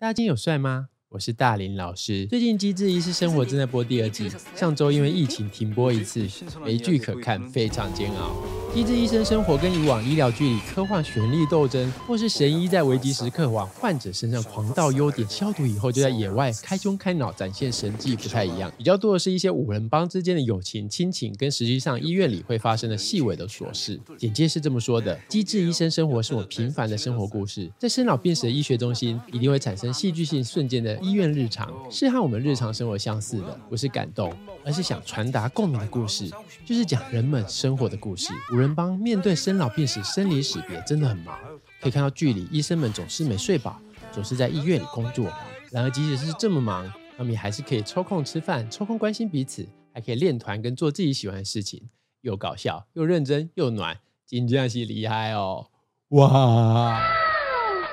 大家今天有帥嗎？我是大林老師。最近《機智醫生生活》正在播第二季，上周因為疫情停播一次，沒劇可看，非常煎熬。《機智醫生生活》跟以往醫療劇裡刻劃權力鬥爭，或是神醫在危急時刻往患者身上狂倒優碘消毒以後就在野外開胸開腦展現神技不太一樣。比較多的是一些五人幫之間的友情親情，跟實際上醫院裡會發生的細微的瑣事。簡介是這麼說的：《機智醫生生活》是我們平凡的生活故事，在生老病死的醫學中心，一定會產生戲劇性瞬間的醫院日常，是和我們日常生活相似的，不是感動，而是想傳達共鳴的故事，就是講人們生活的故事。五人幫面對生老病死、生離死別真的很忙，可以看到劇裡醫生們總是沒睡飽，總是在醫院裡工作。然而即使是這麼忙，他們也還是可以抽空吃飯、抽空關心彼此，還可以練團跟做自己喜歡的事情，又搞笑又認真又暖，真的是厲害哦！哇！哇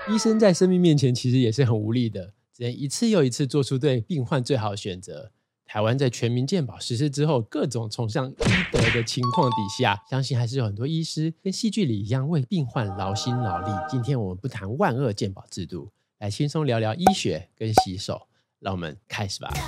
醫生在生命面前其實也是很無力的，只能一次又一次做出對病患最好的選擇。台灣在全民健保實施之後，各種崇尚醫德的情況底下，相信還是有很多醫師跟戲劇裡一樣，為病患勞心勞力。今天我們不談萬惡健保制度，來輕鬆聊聊醫學跟洗手。讓我們開始吧。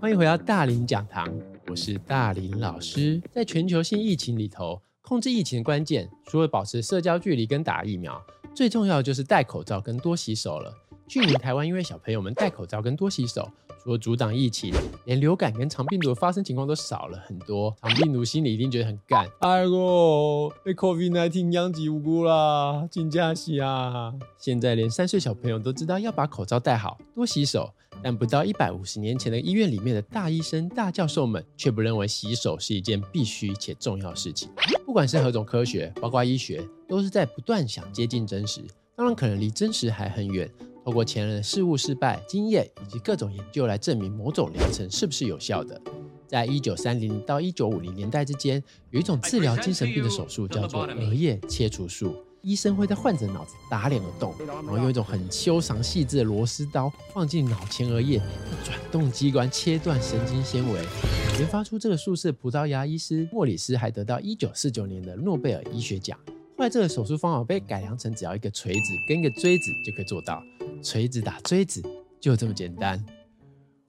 歡迎回到大林講堂，我是大林老師。在全球性疫情裡頭，控制疫情的關鍵除了保持社交距離跟打疫苗。最重要的就是戴口罩跟多洗手了。去年台灣因為小朋友們戴口罩跟多洗手，除了阻擋疫情，連流感跟腸病毒的發生情況都少了很多。腸病毒心裡一定覺得很乾，哎呦，被 COVID-19 殃及無辜啦！請假洗啊！現在連三歲小朋友都知道要把口罩戴好、多洗手，但不到一百五十年前的醫院裡面的大醫生、大教授們卻不認為洗手是一件必須且重要事情。不管是何種科學，包括醫學，都是在不斷想接近真實，當然可能離真實還很遠。透過前人的事物、失敗經驗以及各種研究來證明某種療程是不是有效的。在一九三零到一九五零年代之間，有一種治療精神病的手術叫做額葉切除術。醫生會在患者腦子打兩個洞，然後用一種很修長細緻的螺絲刀放進腦前額葉，轉動機關切斷神經纖維。研發出這個術式，葡萄牙醫師莫里斯還得到一九四九年的諾貝爾醫學獎。後來這個手術方法被改良，成只要一個錘子跟一個錐子就可以做到，錘子打錐子，就這麼簡單，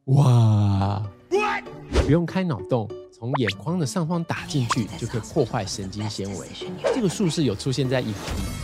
哇，不用開腦洞。從眼眶的上方打進去，就可以破壞神經纖維。這個術式有出現在影集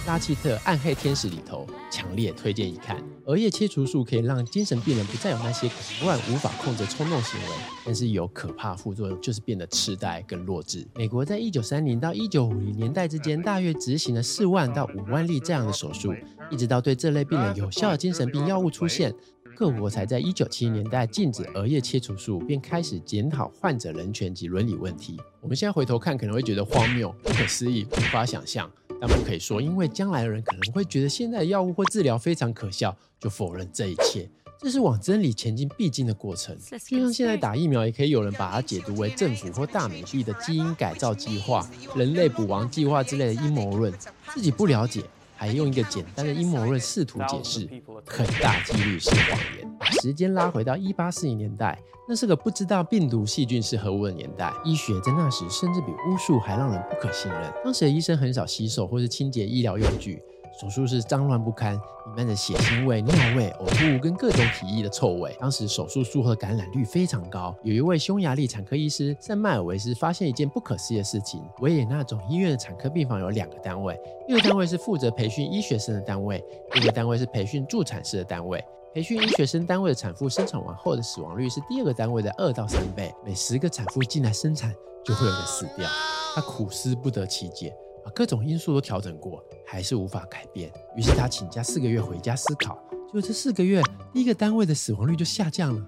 《拉契特黯衣天使》裡頭，強烈推薦一看。額葉切除術可以讓精神病人不再有那些狂亂無法控制衝動行為，但是有可怕副作用，就是變得痴呆跟弱智。美國在一九三零到一九五零年代之間，大約執行了四萬到五萬例這樣的手術，一直到對這類病人有效的精神病藥物出現。各國才在一九七零年代禁止額葉切除術，便開始檢討患者人權及倫理問題。我們現在回頭看，可能會覺得荒謬、不可思議、無法想象，但不可以說因為將來的人可能會覺得現在的藥物或治療非常可笑，就否認這一切。這是往真理前進必經的過程。就像現在打疫苗，也可以有人把它解讀為政府或大美帝的基因改造計劃、人類捕亡計劃之類的陰謀論，自己不了解。還用一個簡單的陰謀論試圖解釋，很大幾率是謊言。時間拉回到一八四零年代，那是個不知道病毒細菌是何物的年代，醫學在那時甚至比巫術還讓人不可信任。當時的醫生很少洗手或是清潔醫療用具。手術室髒亂不堪，瀰漫着血腥味、尿味、嘔、呃、吐跟各種體液的臭味。當時手術術後的感染率非常高。有一位匈牙利產科醫師塞麥爾維斯發現一件不可思議的事情：維也納總醫院的產科病房有兩個單位，一個單位是負責培訓醫學生的單位，另一個單位是培訓助產士的單位。培訓醫學生單位的產婦生產完後的死亡率是第二個單位的二到三倍，每十個產婦進來生產就會有人死掉。他苦思不得其解。把各種因素都調整過，還是無法改變。於是他請假四個月回家思考。就這四個月，第一個單位的死亡率就下降了。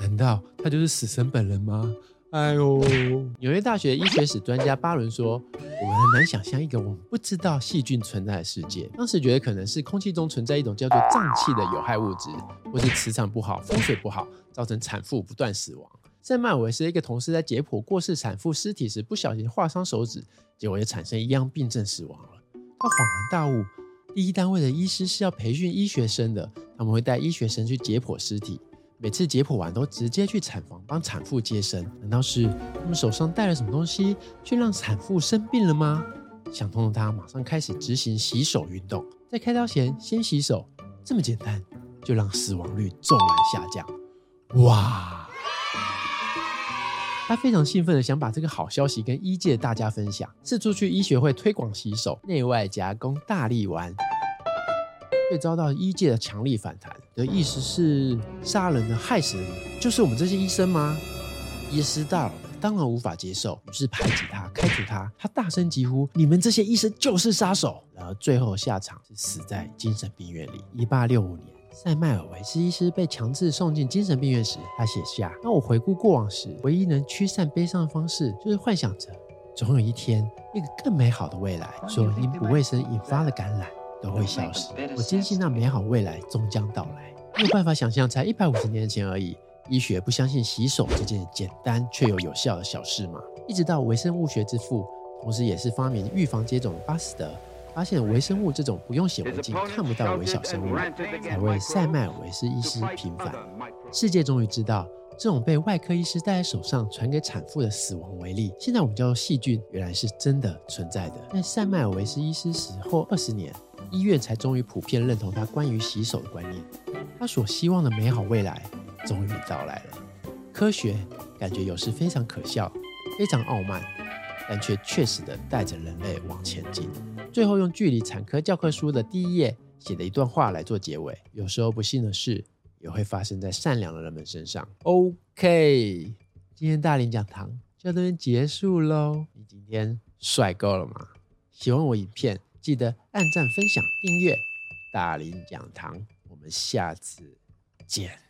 難道他就是死神本人嗎？哎呦！紐約大學醫學史專家巴倫說：“我們很難想象一個我們不知道細菌存在的世界。當時覺得可能是空氣中存在一種叫做瘴氣的有害物質，或是磁場不好、風水不好，造成產婦不斷死亡。”在曼維斯一個同事在解剖過世產婦屍體時，不小心劃傷手指，結果也產生一樣病症死亡了。他恍然大悟，第一單位的醫師是要培訓醫學生的，他們會帶醫學生去解剖屍體，每次解剖完都直接去產房幫產婦接生。難道是他們手上帶了什麼東西，卻讓產婦生病了嗎？想通了，他馬上開始執行洗手運動，在開刀前先洗手，這麼簡單，就讓死亡率驟然下降。哇！他非常興奮地想把這個好消息跟醫界的大家分享，四處去醫學會推廣洗手，內外夾攻大力丸，會遭到醫界的強力反彈。的意思是殺人的害死人，就是我們這些醫生嗎？醫師大佬當然無法接受，於是排擠他，開除他。他大聲疾呼：“你們這些醫生就是殺手！”然而最後下場是死在精神病院裡。一八六五年。塞麥爾維斯醫師被強制送進精神病院時，他寫下：“當我回顧過往時，唯一能驅散悲傷的方式，就是幻想着總有一天一個更美好的未來。所有因不衛生引發的感染都會消失，我堅信那美好未來終將到來。”沒有辦法想象，才一百五十年前而已，醫學不相信洗手這件簡單卻又有，有效的小事嗎？一直到微生物學之父，同時也是發明預防接種巴斯德。發現微生物這種不用顯微鏡看不到的微小生物，才為塞麥爾維斯醫師平反。世界終於知道，這種被外科醫師戴在手上傳給產婦的死亡微粒，現在我們叫做細菌，原來是真的存在的。在塞麥爾維斯醫師死後二十年，醫院才終於普遍認同他關於洗手的觀念。他所希望的美好未來，終於到來了。科學感覺有時非常可笑，非常傲慢，但卻確實的帶着人類往前進。最後用距離產科教科書的第一頁寫的一段話來做結尾。有時候不幸的事也會發生在善良的人們身上。OK，今天大林講堂就到這邊結束嘍。你今天帥夠了嗎？喜歡我影片，記得按讚、分享、訂閱。大林講堂，我們下次見。